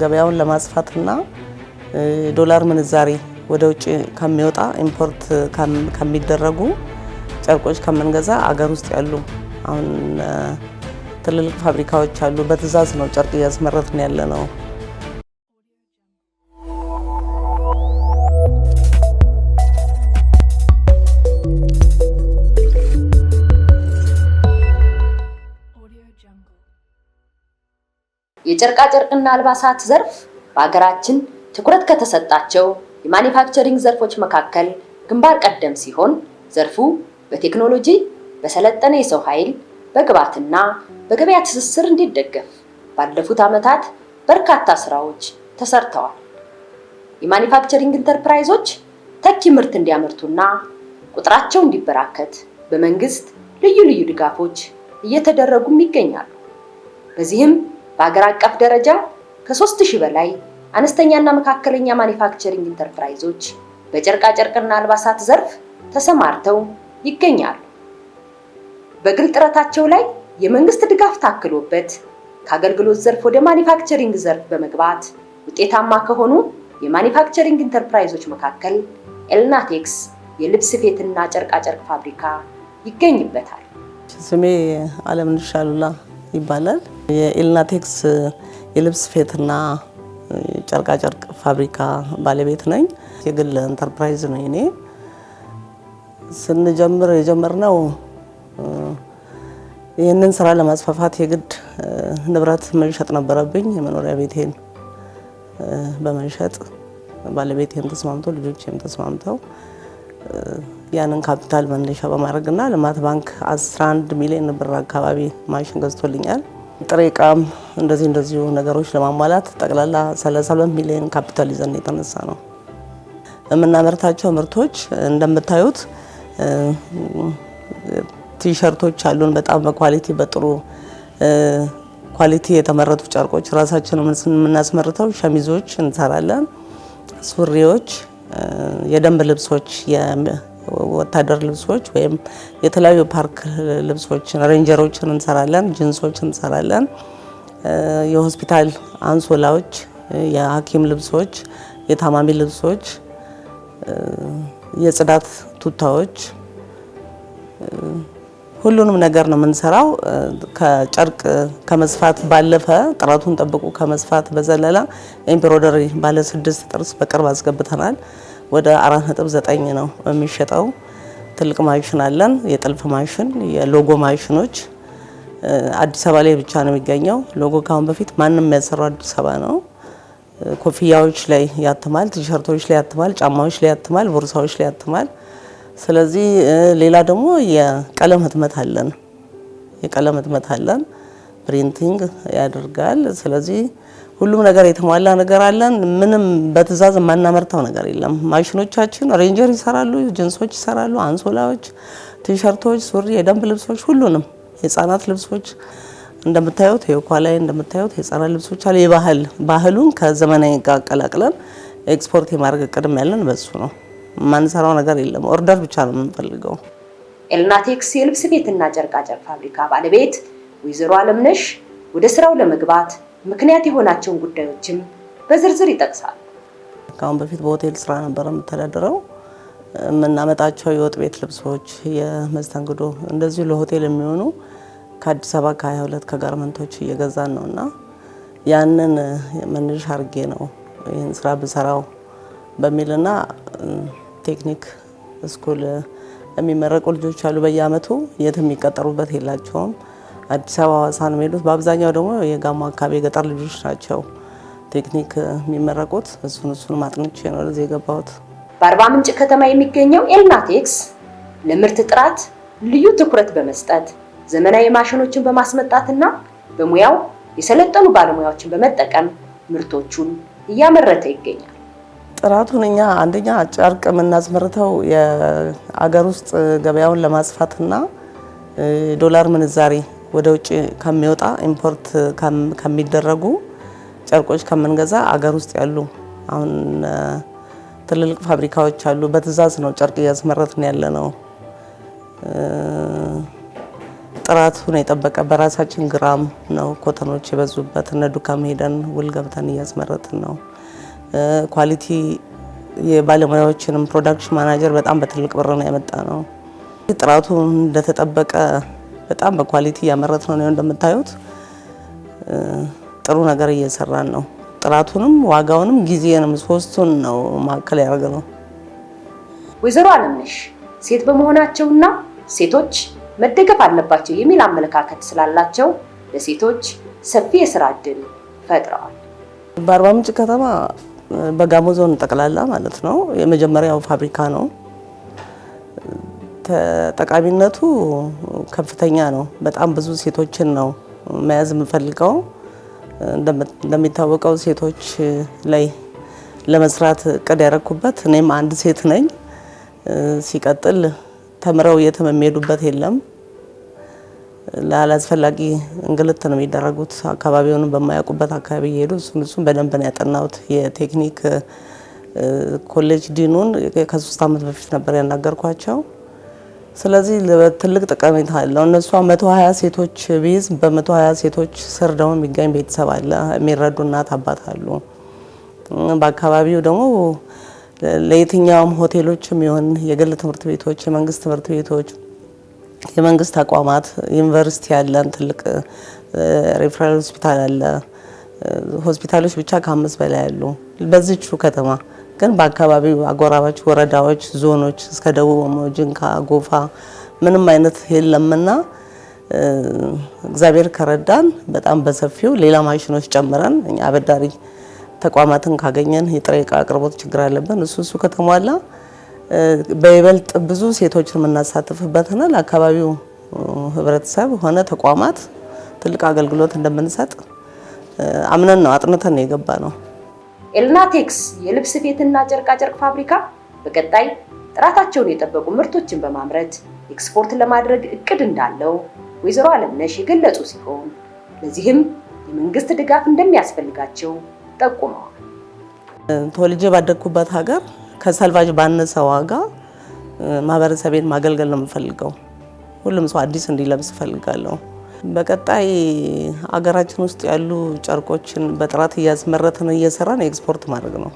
ገበያውን ለማስፋትና ዶላር ምንዛሬ ወደ ውጭ ከሚወጣ ኢምፖርት ከሚደረጉ ጨርቆች ከምንገዛ አገር ውስጥ ያሉ አሁን ትልልቅ ፋብሪካዎች አሉ። በትዕዛዝ ነው ጨርቅ እያስመረትን ያለ ነው። የጨርቃጨርቅና አልባሳት ዘርፍ በሀገራችን ትኩረት ከተሰጣቸው የማኒፋክቸሪንግ ዘርፎች መካከል ግንባር ቀደም ሲሆን ዘርፉ በቴክኖሎጂ በሰለጠነ የሰው ኃይል በግብዓትና በገበያ ትስስር እንዲደገፍ ባለፉት ዓመታት በርካታ ስራዎች ተሰርተዋል። የማኒፋክቸሪንግ ኢንተርፕራይዞች ተኪ ምርት እንዲያመርቱና ቁጥራቸው እንዲበራከት በመንግስት ልዩ ልዩ ድጋፎች እየተደረጉም ይገኛሉ። በዚህም በሀገር አቀፍ ደረጃ ከሶስት 3000 በላይ አነስተኛና መካከለኛ ማኒፋክቸሪንግ ኢንተርፕራይዞች በጨርቃጨርቅና አልባሳት ዘርፍ ተሰማርተው ይገኛሉ። በግል ጥረታቸው ላይ የመንግስት ድጋፍ ታክሎበት ከአገልግሎት ዘርፍ ወደ ማኒፋክቸሪንግ ዘርፍ በመግባት ውጤታማ ከሆኑ የማኒፋክቸሪንግ ኢንተርፕራይዞች መካከል ኤልናቴክስ የልብስ ስፌትና ጨርቃጨርቅ ፋብሪካ ይገኝበታል። ስሜ አለምነሽ አሉላ ይባላል። የኢልናቴክስ የልብስ ስፌትና ጨርቃጨርቅ ፋብሪካ ባለቤት ነኝ። የግል ኢንተርፕራይዝ ነው እኔ። ስንጀምር የጀመርነው ይህንን ስራ ለማስፋፋት የግድ ንብረት መሸጥ ነበረብኝ። የመኖሪያ ቤቴን በመሸጥ ባለቤቴም ተስማምቶ ልጆቼም ተስማምተው ያንን ካፒታል መነሻ በማድረግና ልማት ባንክ 11 ሚሊዮን ብር አካባቢ ማሽን ገዝቶልኛል። ጥሬ እቃም እንደዚህ እንደዚሁ ነገሮች ለማሟላት ጠቅላላ 32 ሚሊዮን ካፒታል ይዘን የተነሳ ነው። የምናመርታቸው ምርቶች እንደምታዩት ቲሸርቶች አሉን። በጣም በኳሊቲ በጥሩ ኳሊቲ የተመረቱ ጨርቆች ራሳችን የምናስመርተው፣ ሸሚዞች እንሰራለን፣ ሱሪዎች፣ የደንብ ልብሶች ወታደር ልብሶች ወይም የተለያዩ ፓርክ ልብሶችን ሬንጀሮችን እንሰራለን፣ ጅንሶችን እንሰራለን፣ የሆስፒታል አንሶላዎች፣ የሐኪም ልብሶች፣ የታማሚ ልብሶች፣ የጽዳት ቱታዎች ሁሉንም ነገር ነው የምንሰራው። ከጨርቅ ከመስፋት ባለፈ ጥራቱን ጠብቆ ከመስፋት በዘለላ ኤምብሮደሪ ባለ ስድስት ጥርስ በቅርብ አስገብተናል። ወደ 4.9 ነው የሚሸጠው። ትልቅ ማሽን አለን፣ የጥልፍ ማሽን፣ የሎጎ ማሽኖች አዲስ አበባ ላይ ብቻ ነው የሚገኘው። ሎጎ ካሁን በፊት ማንም የሚያሰራው አዲስ አበባ ነው። ኮፍያዎች ላይ ያትማል፣ ቲሸርቶች ላይ ያትማል፣ ጫማዎች ላይ ያትማል፣ ቦርሳዎች ላይ ያትማል። ስለዚህ ሌላ ደግሞ የቀለም ህትመት አለን፣ የቀለም ህትመት አለን፣ ፕሪንቲንግ ያደርጋል። ስለዚህ ሁሉም ነገር የተሟላ ነገር አለን። ምንም በትዛዝ የማናመርተው ነገር የለም። ማሽኖቻችን ሬንጀር ይሰራሉ፣ ጅንሶች ይሰራሉ፣ አንሶላዎች፣ ቲሸርቶች፣ ሱሪ፣ የደንብ ልብሶች፣ ሁሉንም የህፃናት ልብሶች እንደምታዩት የኳ ላይ እንደምታዩት የህፃናት ልብሶች አለ። የባህል ባህሉን ከዘመናዊ ጋር አቀላቅለን ኤክስፖርት የማድረግ ቅድም ያለን በሱ ነው። የማንሰራው ነገር የለም። ኦርደር ብቻ ነው የምንፈልገው። ኤልናቴክስ የልብስ ቤትና ጨርቃጨርቅ ፋብሪካ ባለቤት ወይዘሮ አለምነሽ ወደ ስራው ለመግባት ምክንያት የሆናቸውን ጉዳዮችም በዝርዝር ይጠቅሳል። ከአሁን በፊት በሆቴል ስራ ነበር የምተዳደረው። የምናመጣቸው የወጥ ቤት ልብሶች፣ የመስተንግዶ እንደዚሁ ለሆቴል የሚሆኑ ከአዲስ አበባ ከ22 ከጋርመንቶች እየገዛን ነው እና ያንን መነሻ አድርጌ ነው ይህን ስራ ብሰራው በሚልና ቴክኒክ ስኩል የሚመረቁ ልጆች አሉ። በየአመቱ የት የሚቀጠሩበት የላቸውም። አዲስ አበባ ሀዋሳ ነው የሚሄዱት። በአብዛኛው ደግሞ የጋሞ አካባቢ የገጠር ልጆች ናቸው ቴክኒክ የሚመረቁት። እሱን እሱን ማጥንቼ ነው ወደዚህ የገባሁት። በአርባ ምንጭ ከተማ የሚገኘው ኤልናቴክስ ለምርት ጥራት ልዩ ትኩረት በመስጠት ዘመናዊ ማሽኖችን በማስመጣትና በሙያው የሰለጠኑ ባለሙያዎችን በመጠቀም ምርቶቹን እያመረተ ይገኛል። ጥራቱን እኛ አንደኛ ጨርቅ የምናስመርተው የአገር ውስጥ ገበያውን ለማስፋትና ዶላር ምንዛሬ ወደ ውጭ ከሚወጣ ኢምፖርት ከሚደረጉ ጨርቆች ከምንገዛ አገር ውስጥ ያሉ አሁን ትልልቅ ፋብሪካዎች አሉ። በትዕዛዝ ነው ጨርቅ እያስመረትን ያለ ነው። ጥራቱን የጠበቀ በራሳችን ግራም ነው ኮተኖች የበዙበት። እነ ዱካም ሄደን ውል ገብተን እያስመረትን ነው። ኳሊቲ የባለሙያዎችንም ፕሮዳክሽን ማናጀር በጣም በትልቅ ብር ነው ያመጣ ነው። ጥራቱ እንደተጠበቀ በጣም በኳሊቲ እያመረት ነው። እንደምታዩት ጥሩ ነገር እየሰራን ነው። ጥራቱንም ዋጋውንም ጊዜንም ሶስቱን ነው ማዕከል ያደረግነው። ወይዘሮ አለምነሽ ሴት በመሆናቸውና ሴቶች መደገፍ አለባቸው የሚል አመለካከት ስላላቸው ለሴቶች ሰፊ የስራ እድል ፈጥረዋል። በአርባ ምንጭ ከተማ በጋሞ ዞን ጠቅላላ ማለት ነው የመጀመሪያው ፋብሪካ ነው። ተጠቃሚነቱ ከፍተኛ ነው። በጣም ብዙ ሴቶችን ነው መያዝ የምፈልገው። እንደሚታወቀው ሴቶች ላይ ለመስራት እቅድ ያረኩበት እኔም አንድ ሴት ነኝ። ሲቀጥል ተምረው የትም የሚሄዱበት የለም። ላላስፈላጊ እንግልት ነው የሚደረጉት። አካባቢውን በማያውቁበት አካባቢ እየሄዱ እሱን በደንብ ነው ያጠናሁት። የቴክኒክ ኮሌጅ ዲኑን ከሶስት ዓመት በፊት ነበር ያናገርኳቸው። ስለዚህ ትልቅ ጠቀሜታ አለው። እነሷ 120 ሴቶች ቢይዝ በ120 ሴቶች ስር ደግሞ የሚገኝ ቤተሰብ አለ፣ የሚረዱ እናት አባት አሉ። በአካባቢው ደግሞ ለየትኛውም ሆቴሎች የሚሆን የግል ትምህርት ቤቶች፣ የመንግስት ትምህርት ቤቶች፣ የመንግስት ተቋማት፣ ዩኒቨርሲቲ ያለን ትልቅ ሪፈራል ሆስፒታል አለ። ሆስፒታሎች ብቻ ከአምስት በላይ አሉ በዚቹ ከተማ ግን በአካባቢው አጎራባች ወረዳዎች፣ ዞኖች እስከ ደቡብ ኦሞ፣ ጅንካ፣ ጎፋ ምንም አይነት የለምና እግዚአብሔር ከረዳን በጣም በሰፊው ሌላ ማሽኖች ጨምረን እኛ አበዳሪ ተቋማትን ካገኘን የጥሬ እቃ አቅርቦት ችግር አለብን። እሱ እሱ ከተሟላ በይበልጥ ብዙ ሴቶችን የምናሳትፍበትና ለአካባቢው ህብረተሰብ ሆነ ተቋማት ትልቅ አገልግሎት እንደምንሰጥ አምነን ነው አጥንተን የገባ ነው። ኤልናቴክስ የልብስ ስፌትና ጨርቃጨርቅ ፋብሪካ በቀጣይ ጥራታቸውን የጠበቁ ምርቶችን በማምረት ኤክስፖርት ለማድረግ እቅድ እንዳለው ወይዘሮ አለምነሽ የገለጹ ሲሆን ለዚህም የመንግስት ድጋፍ እንደሚያስፈልጋቸው ጠቁመዋል። ተወልጄ ባደግኩበት ሀገር ከሰልቫጅ ባነሰ ዋጋ ማህበረሰቤን ማገልገል ነው የምፈልገው። ሁሉም ሰው አዲስ እንዲለብስ እፈልጋለሁ። በቀጣይ አገራችን ውስጥ ያሉ ጨርቆችን በጥራት እያስመረትን እየሰራን ኤክስፖርት ማድረግ ነው።